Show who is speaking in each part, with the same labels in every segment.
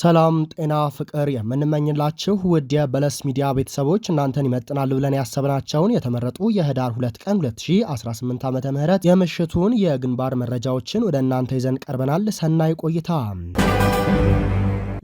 Speaker 1: ሰላም ጤና ፍቅር የምንመኝላችሁ ውድ የበለስ ሚዲያ ቤተሰቦች እናንተን ይመጥናል ብለን ያሰብናቸውን የተመረጡ የህዳር 2 ቀን 2018 ዓ ም የምሽቱን የግንባር መረጃዎችን ወደ እናንተ ይዘን ቀርበናል። ሰናይ ቆይታ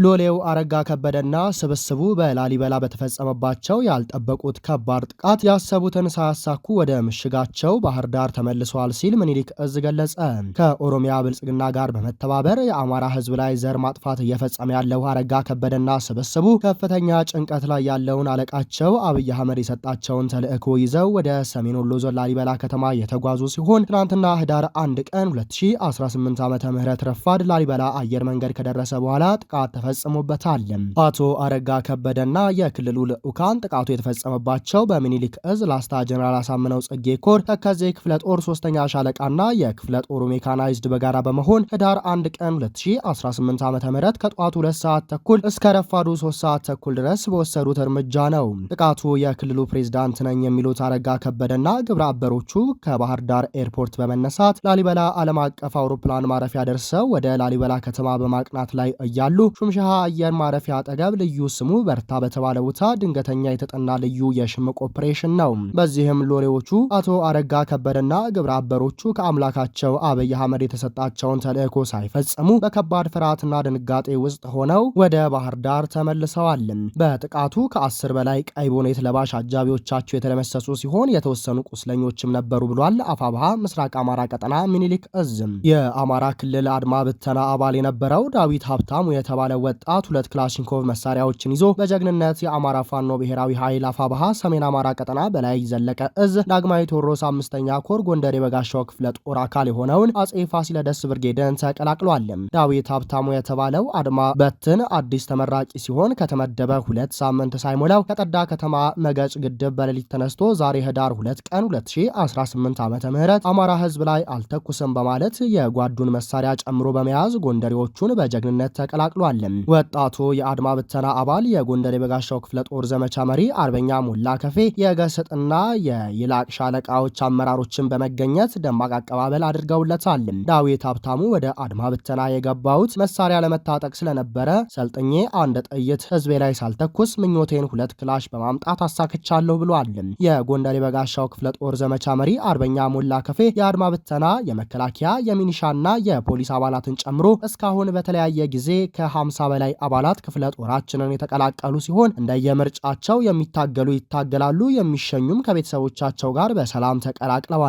Speaker 1: ሎሌው አረጋ ከበደና ስብስቡ በላሊበላ በተፈጸመባቸው ያልጠበቁት ከባድ ጥቃት ያሰቡትን ሳያሳኩ ወደ ምሽጋቸው ባህር ዳር ተመልሰዋል ሲል ምኒልክ እዝ ገለጸ። ከኦሮሚያ ብልጽግና ጋር በመተባበር የአማራ ህዝብ ላይ ዘር ማጥፋት እየፈጸመ ያለው አረጋ ከበደና ስብስቡ ከፍተኛ ጭንቀት ላይ ያለውን አለቃቸው አብይ አህመድ የሰጣቸውን ተልእኮ ይዘው ወደ ሰሜን ወሎ ዞን ላሊበላ ከተማ የተጓዙ ሲሆን ትናንትና ህዳር 1 ቀን 2018 ዓ ም ረፋድ ላሊበላ አየር መንገድ ከደረሰ በኋላ ጥቃት ተፈጽሞበታል። አቶ አረጋ ከበደና የክልሉ ልዑካን ጥቃቱ የተፈጸመባቸው በሚኒሊክ እዝ ላስታ ጀነራል አሳምነው ጽጌ ኮር ተከዜ ክፍለ ጦር ሶስተኛ ሻለቃና የክፍለ ጦሩ ሜካናይዝድ በጋራ በመሆን ህዳር 1 ቀን 2018 ዓ ም ከጠዋቱ 2 ሰዓት ተኩል እስከ ረፋዱ 3 ሰዓት ተኩል ድረስ በወሰዱት እርምጃ ነው። ጥቃቱ የክልሉ ፕሬዝዳንት ነኝ የሚሉት አረጋ ከበደና ግብረ አበሮቹ ከባህር ዳር ኤርፖርት በመነሳት ላሊበላ ዓለም አቀፍ አውሮፕላን ማረፊያ ደርሰው ወደ ላሊበላ ከተማ በማቅናት ላይ እያሉ በሻሃ አየር ማረፊያ አጠገብ ልዩ ስሙ በርታ በተባለ ቦታ ድንገተኛ የተጠና ልዩ የሽምቅ ኦፕሬሽን ነው። በዚህም ሎሌዎቹ አቶ አረጋ ከበደና ግብረ አበሮቹ ከአምላካቸው አብይ አህመድ የተሰጣቸውን ተልዕኮ ሳይፈጽሙ በከባድ ፍርሃትና ድንጋጤ ውስጥ ሆነው ወደ ባህር ዳር ተመልሰዋል። በጥቃቱ ከአስር በላይ ቀይ ቦኔት ለባሽ አጃቢዎቻቸው የተደመሰሱ ሲሆን የተወሰኑ ቁስለኞችም ነበሩ ብሏል። አፋብሃ ምስራቅ አማራ ቀጠና ሚኒሊክ እዝም የአማራ ክልል አድማ ብተና አባል የነበረው ዳዊት ሀብታሙ የተባለው ወጣት ሁለት ክላሽንኮቭ መሳሪያዎችን ይዞ በጀግንነት የአማራ ፋኖ ብሔራዊ ኃይል አፋብሃ ሰሜን አማራ ቀጠና በላይ ዘለቀ እዝ ዳግማዊ ቴዎድሮስ አምስተኛ ኮር ጎንደር የበጋሻው ክፍለ ጦር አካል የሆነውን አጼ ፋሲለደስ ብርጌድን ተቀላቅሏል። ዳዊት ሀብታሙ የተባለው አድማ በትን አዲስ ተመራቂ ሲሆን ከተመደበ ሁለት ሳምንት ሳይሞላው ከጠዳ ከተማ መገጭ ግድብ በሌሊት ተነስቶ ዛሬ ህዳር ሁለት ቀን 2018 ዓ ምህረት አማራ ህዝብ ላይ አልተኩስም በማለት የጓዱን መሳሪያ ጨምሮ በመያዝ ጎንደሬዎቹን በጀግንነት ተቀላቅሏል። ወጣቱ የአድማ ብተና አባል የጎንደር የበጋሻው ክፍለ ጦር ዘመቻ መሪ አርበኛ ሞላ ከፌ የገሰጥና የይላቅ ሻለቃዎች አመራሮችን በመገኘት ደማቅ አቀባበል አድርገውለታል። ዳዊት ሀብታሙ ወደ አድማ ብተና የገባሁት መሳሪያ ለመታጠቅ ስለነበረ ሰልጥኜ አንድ ጥይት ህዝቤ ላይ ሳልተኩስ ምኞቴን ሁለት ክላሽ በማምጣት አሳክቻለሁ ብሏል። የጎንደር የበጋሻው ክፍለ ጦር ዘመቻ መሪ አርበኛ ሞላ ከፌ የአድማ ብተና፣ የመከላከያ፣ የሚኒሻና የፖሊስ አባላትን ጨምሮ እስካሁን በተለያየ ጊዜ ከ50 በላይ አባላት ክፍለ ጦራችንን የተቀላቀሉ ሲሆን እንደየምርጫቸው የሚታገሉ ይታገላሉ፣ የሚሸኙም ከቤተሰቦቻቸው ጋር በሰላም ተቀላቅለዋል።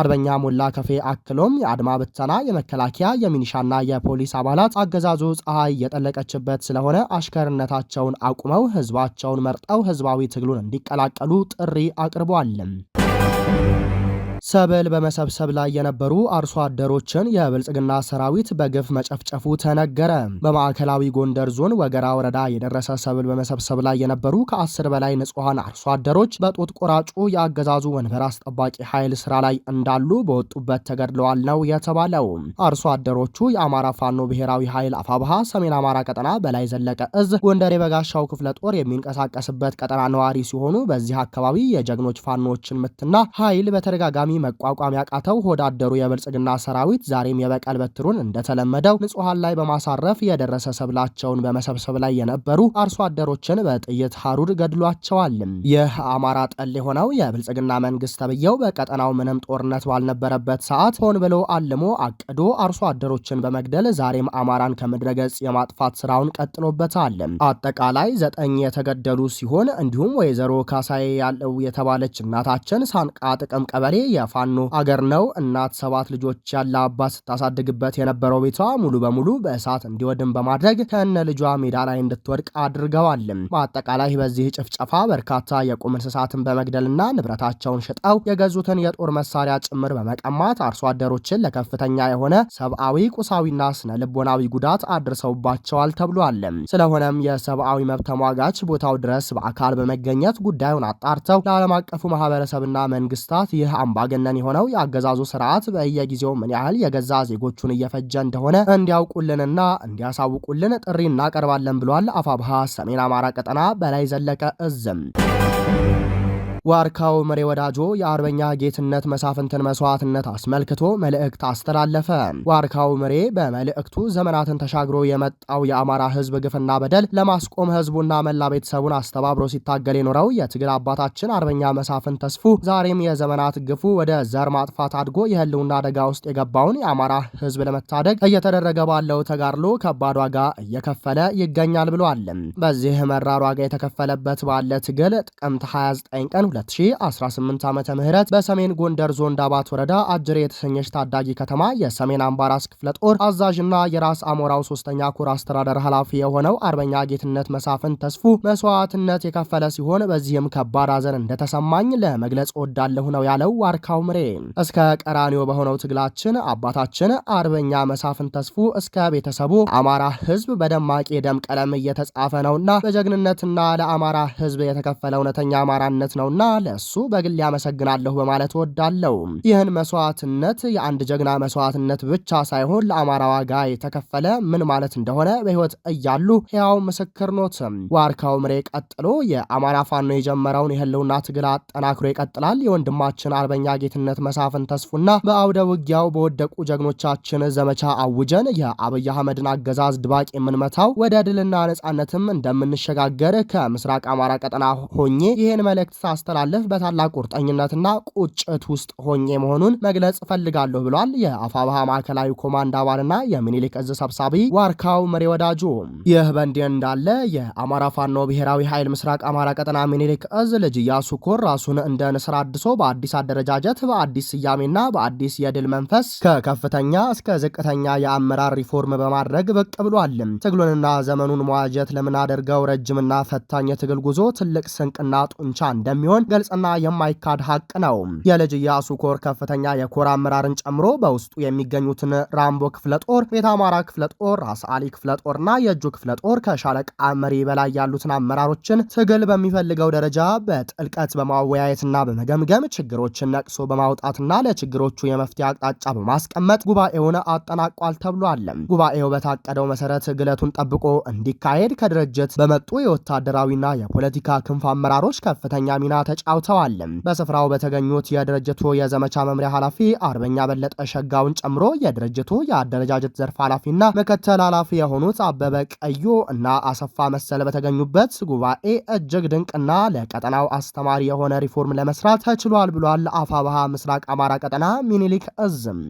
Speaker 1: አርበኛ ሞላ ከፌ አክሎም የአድማ ብተና የመከላከያ የሚኒሻና የፖሊስ አባላት አገዛዙ ፀሐይ እየጠለቀችበት ስለሆነ አሽከርነታቸውን አቁመው ህዝባቸውን መርጠው ህዝባዊ ትግሉን እንዲቀላቀሉ ጥሪ አቅርበዋል። ሰብል በመሰብሰብ ላይ የነበሩ አርሶ አደሮችን የብልጽግና ሰራዊት በግፍ መጨፍጨፉ ተነገረ። በማዕከላዊ ጎንደር ዞን ወገራ ወረዳ የደረሰ ሰብል በመሰብሰብ ላይ የነበሩ ከአስር በላይ ንጹሐን አርሶ አደሮች በጦት ቆራጩ የአገዛዙ ወንበር አስጠባቂ ኃይል ስራ ላይ እንዳሉ በወጡበት ተገድለዋል ነው የተባለው። አርሶ አደሮቹ የአማራ ፋኖ ብሔራዊ ኃይል አፋብሃ ሰሜን አማራ ቀጠና በላይ ዘለቀ እዝ ጎንደር የበጋሻው ክፍለ ጦር የሚንቀሳቀስበት ቀጠና ነዋሪ ሲሆኑ በዚህ አካባቢ የጀግኖች ፋኖዎችን ምትና ኃይል በተደጋጋሚ ተቃዋሚ መቋቋም ያቃተው ሆዳደሩ የብልጽግና ሰራዊት ዛሬም የበቀል በትሩን እንደተለመደው ንጹሐን ላይ በማሳረፍ የደረሰ ሰብላቸውን በመሰብሰብ ላይ የነበሩ አርሶ አደሮችን በጥይት ሀሩድ ገድሏቸዋል። ይህ አማራ ጠል የሆነው የብልጽግና መንግስት ተብየው በቀጠናው ምንም ጦርነት ባልነበረበት ሰዓት ሆን ብሎ አልሞ አቅዶ አርሶ አደሮችን በመግደል ዛሬም አማራን ከምድረገጽ የማጥፋት ስራውን ቀጥሎበታል። አጠቃላይ ዘጠኝ የተገደሉ ሲሆን እንዲሁም ወይዘሮ ካሳዬ ያለው የተባለች እናታችን ሳንቃ ጥቅም ቀበሌ የፋኖ አገር ነው። እናት ሰባት ልጆች ያለ አባት ስታሳድግበት የነበረው ቤቷ ሙሉ በሙሉ በእሳት እንዲወድም በማድረግ ከነ ልጇ ሜዳ ላይ እንድትወድቅ አድርገዋል። በአጠቃላይ በዚህ ጭፍጨፋ በርካታ የቁም እንስሳትን በመግደልና ንብረታቸውን ሽጠው የገዙትን የጦር መሳሪያ ጭምር በመቀማት አርሶ አደሮችን ለከፍተኛ የሆነ ሰብአዊ፣ ቁሳዊና ስነ ልቦናዊ ጉዳት አድርሰውባቸዋል ተብሏል። ስለሆነም የሰብአዊ መብት ተሟጋች ቦታው ድረስ በአካል በመገኘት ጉዳዩን አጣርተው ለዓለም አቀፉ ማህበረሰብና መንግስታት ይህ አምባ ገነን የሆነው የአገዛዙ ስርዓት በየጊዜው ምን ያህል የገዛ ዜጎቹን እየፈጀ እንደሆነ እንዲያውቁልንና እንዲያሳውቁልን ጥሪ እናቀርባለን ብሏል። አፋብሃ ሰሜን አማራ ቀጠና በላይ ዘለቀ እዝም ዋርካው መሬ ወዳጆ የአርበኛ ጌትነት መሳፍንትን መስዋዕትነት አስመልክቶ መልእክት አስተላለፈ። ዋርካው መሬ በመልእክቱ ዘመናትን ተሻግሮ የመጣው የአማራ ህዝብ ግፍና በደል ለማስቆም ህዝቡና መላ ቤተሰቡን አስተባብሮ ሲታገል የኖረው የትግል አባታችን አርበኛ መሳፍንት ተስፉ ዛሬም የዘመናት ግፉ ወደ ዘር ማጥፋት አድጎ የህልውና አደጋ ውስጥ የገባውን የአማራ ህዝብ ለመታደግ እየተደረገ ባለው ተጋድሎ ከባድ ዋጋ እየከፈለ ይገኛል ብሏል። በዚህ መራር ዋጋ የተከፈለበት ባለ ትግል ጥቅምት 29 ቀን 2018 ዓ ም በሰሜን ጎንደር ዞን ዳባት ወረዳ አጅሬ የተሰኘች ታዳጊ ከተማ የሰሜን አምባራስ ክፍለ ጦር አዛዥና የራስ አሞራው ሶስተኛ ኮር አስተዳደር ኃላፊ የሆነው አርበኛ ጌትነት መሳፍን ተስፉ መስዋዕትነት የከፈለ ሲሆን በዚህም ከባድ ሐዘን እንደተሰማኝ ለመግለጽ ወዳለሁ ነው ያለው ዋርካው ምሬ። እስከ ቀራኒዮ በሆነው ትግላችን አባታችን አርበኛ መሳፍን ተስፉ እስከ ቤተሰቡ አማራ ህዝብ በደማቅ የደም ቀለም እየተጻፈ ነውና በጀግንነትና ለአማራ ህዝብ የተከፈለ እውነተኛ አማራነት ነውና ነውና ለእሱ በግል ያመሰግናለሁ በማለት ወዳለው ይህን መስዋዕትነት የአንድ ጀግና መስዋዕትነት ብቻ ሳይሆን ለአማራ ዋጋ የተከፈለ ምን ማለት እንደሆነ በህይወት እያሉ ሕያው ምስክር ኖት። ዋርካው ምሬ ቀጥሎ የአማራ ፋኖ የጀመረውን የህልውና ትግል አጠናክሮ ይቀጥላል። የወንድማችን አርበኛ ጌትነት መሳፍን ተስፉና በአውደ ውጊያው በወደቁ ጀግኖቻችን ዘመቻ አውጀን የአብይ አህመድን አገዛዝ ድባቅ የምንመታው ወደ ድልና ነጻነትም እንደምንሸጋገር ከምስራቅ አማራ ቀጠና ሆኜ ይህን መልእክት ሳስተ ሲያስተላልፍ በታላቅ ቁርጠኝነትና ቁጭት ውስጥ ሆኜ መሆኑን መግለጽ ፈልጋለሁ ብሏል። የአፋብሃ ማዕከላዊ ኮማንድ አባልና የሚኒሊክ እዝ ሰብሳቢ ዋርካው መሬ ወዳጁ። ይህ በእንዲህ እንዳለ የአማራ ፋኖ ብሔራዊ ኃይል ምስራቅ አማራ ቀጠና ሚኒሊክ እዝ ልጅ ኢያሱ ኮር ራሱን እንደ ንስር አድሶ በአዲስ አደረጃጀት በአዲስ ስያሜና በአዲስ የድል መንፈስ ከከፍተኛ እስከ ዝቅተኛ የአመራር ሪፎርም በማድረግ ብቅ ብሏል። ትግሉንና ዘመኑን መዋጀት ለምናደርገው ረጅምና ፈታኝ የትግል ጉዞ ትልቅ ስንቅና ጡንቻ እንደሚሆን መሆኑን ግልጽና የማይካድ ሀቅ ነው። የልጅ ኢያሱ ኮር ከፍተኛ የኮር አመራርን ጨምሮ በውስጡ የሚገኙትን ራምቦ ክፍለ ጦር፣ ቤተ አማራ ክፍለ ጦር፣ ራስ አሊ ክፍለ ጦርና የእጁ ክፍለ ጦር ከሻለቃ መሪ በላይ ያሉትን አመራሮችን ትግል በሚፈልገው ደረጃ በጥልቀት በማወያየትና በመገምገም ችግሮችን ነቅሶ በማውጣትና ለችግሮቹ የመፍትሄ አቅጣጫ በማስቀመጥ ጉባኤውን አጠናቋል ተብሏል። ጉባኤው በታቀደው መሰረት ግለቱን ጠብቆ እንዲካሄድ ከድርጅት በመጡ የወታደራዊና የፖለቲካ ክንፍ አመራሮች ከፍተኛ ሚና ተጫውተዋል። በስፍራው በተገኙት የድርጅቱ የዘመቻ መምሪያ ኃላፊ አርበኛ በለጠ ሸጋውን ጨምሮ የድርጅቱ የአደረጃጀት ዘርፍ ኃላፊና ምክትል ኃላፊ የሆኑት አበበ ቀዩ እና አሰፋ መሰል በተገኙበት ጉባኤ እጅግ ድንቅና ለቀጠናው አስተማሪ የሆነ ሪፎርም ለመስራት ተችሏል ብሏል። አፋባሃ ምስራቅ አማራ ቀጠና ሚኒሊክ እዝም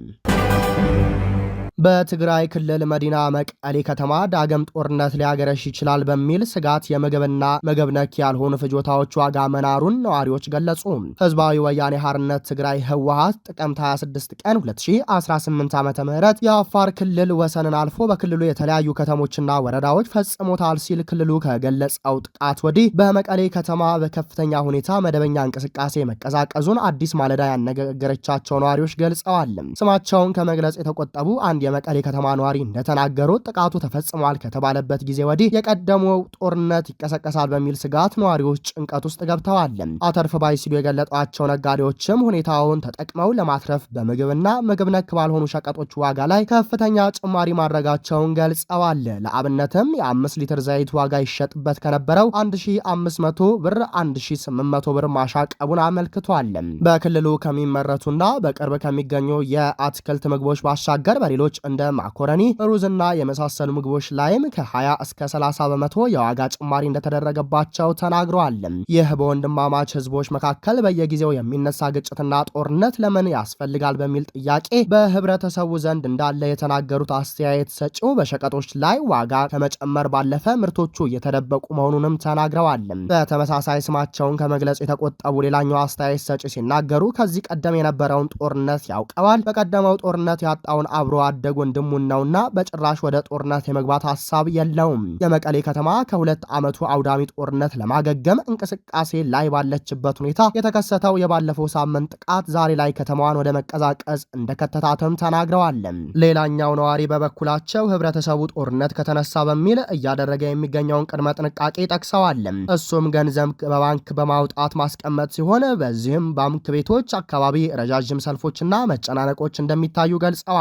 Speaker 1: በትግራይ ክልል መዲና መቀሌ ከተማ ዳግም ጦርነት ሊያገረሽ ይችላል በሚል ስጋት የምግብና ምግብ ነክ ያልሆኑ ፍጆታዎች ዋጋ መናሩን ነዋሪዎች ገለጹ። ህዝባዊ ወያኔ ሀርነት ትግራይ ህወሀት ጥቅምት 26 ቀን 2018 ዓ ም የአፋር ክልል ወሰንን አልፎ በክልሉ የተለያዩ ከተሞችና ወረዳዎች ፈጽሞታል ሲል ክልሉ ከገለጸው ጥቃት ወዲህ በመቀሌ ከተማ በከፍተኛ ሁኔታ መደበኛ እንቅስቃሴ መቀዛቀዙን አዲስ ማለዳ ያነጋገረቻቸው ነዋሪዎች ገልጸዋል። ስማቸውን ከመግለጽ የተቆጠቡ አንድ የመቀሌ ከተማ ነዋሪ እንደተናገሩት ጥቃቱ ተፈጽሟል ከተባለበት ጊዜ ወዲህ የቀደመው ጦርነት ይቀሰቀሳል በሚል ስጋት ነዋሪዎች ጭንቀት ውስጥ ገብተዋል። አተርፍ ባይ ሲሉ የገለጧቸው ነጋዴዎችም ሁኔታውን ተጠቅመው ለማትረፍ በምግብና ምግብ ነክ ባልሆኑ ሸቀጦች ዋጋ ላይ ከፍተኛ ጭማሪ ማድረጋቸውን ገልጸዋል። ለአብነትም የአምስት ሊትር ዘይት ዋጋ ይሸጥበት ከነበረው 1500 ብር 1800 ብር ማሻቀቡን አመልክቷል። በክልሉ ከሚመረቱና በቅርብ ከሚገኙ የአትክልት ምግቦች ባሻገር በሌሎች ምርቶች እንደ ማኮረኒ፣ ሩዝና የመሳሰሉ ምግቦች ላይም ከ20 እስከ 30 በመቶ የዋጋ ጭማሪ እንደተደረገባቸው ተናግረዋል። ይህ በወንድማማች ህዝቦች መካከል በየጊዜው የሚነሳ ግጭትና ጦርነት ለምን ያስፈልጋል በሚል ጥያቄ በህብረተሰቡ ዘንድ እንዳለ የተናገሩት አስተያየት ሰጪው በሸቀጦች ላይ ዋጋ ከመጨመር ባለፈ ምርቶቹ እየተደበቁ መሆኑንም ተናግረዋል። በተመሳሳይ ስማቸውን ከመግለጽ የተቆጠቡ ሌላኛው አስተያየት ሰጪ ሲናገሩ ከዚህ ቀደም የነበረውን ጦርነት ያውቀዋል። በቀደመው ጦርነት ያጣውን አብሮ አደ አደግ ወንድሙን ነውና በጭራሽ ወደ ጦርነት የመግባት ሀሳብ የለውም። የመቀሌ ከተማ ከሁለት ዓመቱ አውዳሚ ጦርነት ለማገገም እንቅስቃሴ ላይ ባለችበት ሁኔታ የተከሰተው የባለፈው ሳምንት ጥቃት ዛሬ ላይ ከተማዋን ወደ መቀዛቀዝ እንደከተታትም ተናግረዋል። ሌላኛው ነዋሪ በበኩላቸው ህብረተሰቡ ጦርነት ከተነሳ በሚል እያደረገ የሚገኘውን ቅድመ ጥንቃቄ ጠቅሰዋል። እሱም ገንዘብ በባንክ በማውጣት ማስቀመጥ ሲሆን በዚህም ባንክ ቤቶች አካባቢ ረዣዥም ሰልፎችና መጨናነቆች እንደሚታዩ ገልጸዋል።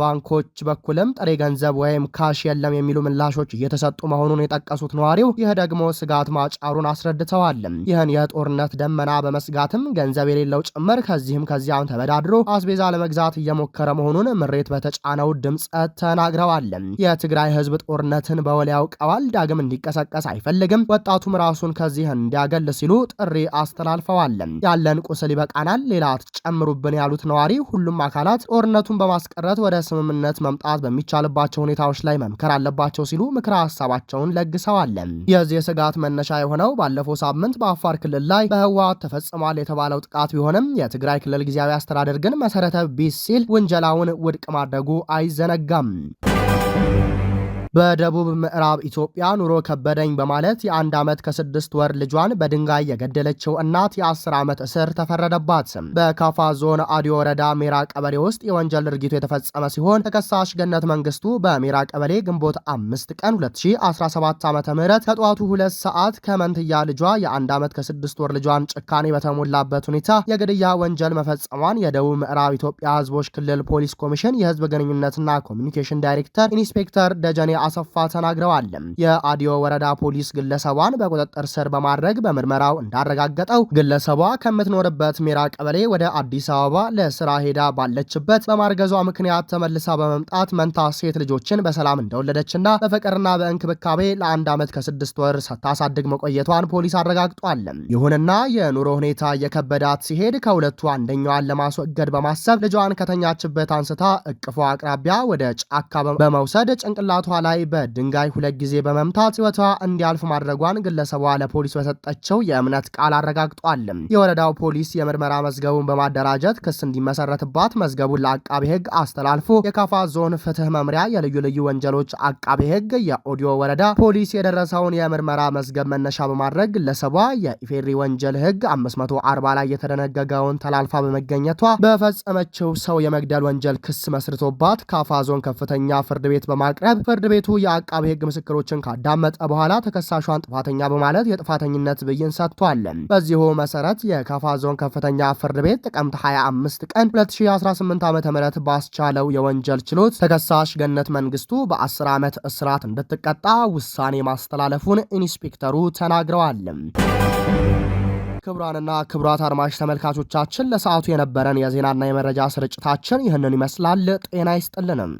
Speaker 1: ባንኮች በኩልም ጥሬ ገንዘብ ወይም ካሽ የለም የሚሉ ምላሾች እየተሰጡ መሆኑን የጠቀሱት ነዋሪው ይህ ደግሞ ስጋት ማጫሩን አስረድተዋል። ይህን የጦርነት ደመና በመስጋትም ገንዘብ የሌለው ጭምር ከዚህም ከዚያም ተበዳድሮ አስቤዛ ለመግዛት እየሞከረ መሆኑን ምሬት በተጫነው ድምፅ ተናግረዋል። የትግራይ ህዝብ ጦርነትን በወል ያውቀዋል፣ ዳግም እንዲቀሰቀስ አይፈልግም፣ ወጣቱም ራሱን ከዚህ እንዲያገል ሲሉ ጥሪ አስተላልፈዋል። ያለን ቁስል ይበቃናል፣ ሌላ አትጨምሩብን ያሉት ነዋሪ ሁሉም አካላት ጦርነቱን በማስቀረት ወደ ስምምነት መምጣት በሚቻልባቸው ሁኔታዎች ላይ መምከር አለባቸው ሲሉ ምክረ ሀሳባቸውን ለግሰዋል። የዚህ ስጋት መነሻ የሆነው ባለፈው ሳምንት በአፋር ክልል ላይ በህወሓት ተፈጽሟል የተባለው ጥቃት ቢሆንም የትግራይ ክልል ጊዜያዊ አስተዳደር ግን መሰረተ ቢስ ሲል ውንጀላውን ውድቅ ማድረጉ አይዘነጋም። በደቡብ ምዕራብ ኢትዮጵያ ኑሮ ከበደኝ በማለት የአንድ ዓመት ከስድስት ወር ልጇን በድንጋይ የገደለችው እናት የአስር ዓመት እስር ተፈረደባት። በካፋ ዞን አዲ ወረዳ ሜራ ቀበሌ ውስጥ የወንጀል ድርጊቱ የተፈጸመ ሲሆን ተከሳሽ ገነት መንግስቱ በሜራ ቀበሌ ግንቦት አምስት ቀን 2017 ዓ ም ከጠዋቱ ሁለት ሰዓት ከመንትያ ልጇ የአንድ ዓመት ከስድስት ወር ልጇን ጭካኔ በተሞላበት ሁኔታ የግድያ ወንጀል መፈጸሟን የደቡብ ምዕራብ ኢትዮጵያ ህዝቦች ክልል ፖሊስ ኮሚሽን የህዝብ ግንኙነትና ኮሚኒኬሽን ዳይሬክተር ኢንስፔክተር ደጀኔ አሰፋ ተናግረዋል። የአዲዮ ወረዳ ፖሊስ ግለሰቧን በቁጥጥር ስር በማድረግ በምርመራው እንዳረጋገጠው ግለሰቧ ከምትኖርበት ሜራ ቀበሌ ወደ አዲስ አበባ ለስራ ሄዳ ባለችበት በማርገዟ ምክንያት ተመልሳ በመምጣት መንታ ሴት ልጆችን በሰላም እንደወለደችና በፍቅርና በእንክብካቤ ለአንድ ዓመት ከስድስት ወር ስታሳድግ መቆየቷን ፖሊስ አረጋግጧል። ይሁንና የኑሮ ሁኔታ የከበዳት ሲሄድ ከሁለቱ አንደኛዋን ለማስወገድ በማሰብ ልጇን ከተኛችበት አንስታ እቅፏ አቅራቢያ ወደ ጫካ በመውሰድ ጭንቅላቷ ላይ ላይ በድንጋይ ሁለት ጊዜ በመምታት ህይወቷ እንዲያልፍ ማድረጓን ግለሰቧ ለፖሊስ በሰጠችው የእምነት ቃል አረጋግጧል። የወረዳው ፖሊስ የምርመራ መዝገቡን በማደራጀት ክስ እንዲመሰረትባት መዝገቡን ለአቃቤ ህግ አስተላልፎ የካፋ ዞን ፍትህ መምሪያ የልዩ ልዩ ወንጀሎች አቃቤ ህግ የኦዲዮ ወረዳ ፖሊስ የደረሰውን የምርመራ መዝገብ መነሻ በማድረግ ግለሰቧ የኢፌሪ ወንጀል ህግ 540 ላይ የተደነገገውን ተላልፋ በመገኘቷ በፈጸመችው ሰው የመግደል ወንጀል ክስ መስርቶባት ካፋ ዞን ከፍተኛ ፍርድ ቤት በማቅረብ ፍርድ ቤት ቤቱ የአቃቤ ህግ ምስክሮችን ካዳመጠ በኋላ ተከሳሿን ጥፋተኛ በማለት የጥፋተኝነት ብይን ሰጥቷል። በዚሁ መሰረት የካፋ ዞን ከፍተኛ ፍርድ ቤት ጥቅምት 25 ቀን 2018 ዓ ም ባስቻለው የወንጀል ችሎት ተከሳሽ ገነት መንግስቱ በ10 ዓመት እስራት እንድትቀጣ ውሳኔ ማስተላለፉን ኢንስፔክተሩ ተናግረዋል። ክቡራንና ክቡራት አድማጭ ተመልካቾቻችን ለሰዓቱ የነበረን የዜናና የመረጃ ስርጭታችን ይህንን ይመስላል። ጤና ይስጥልንም።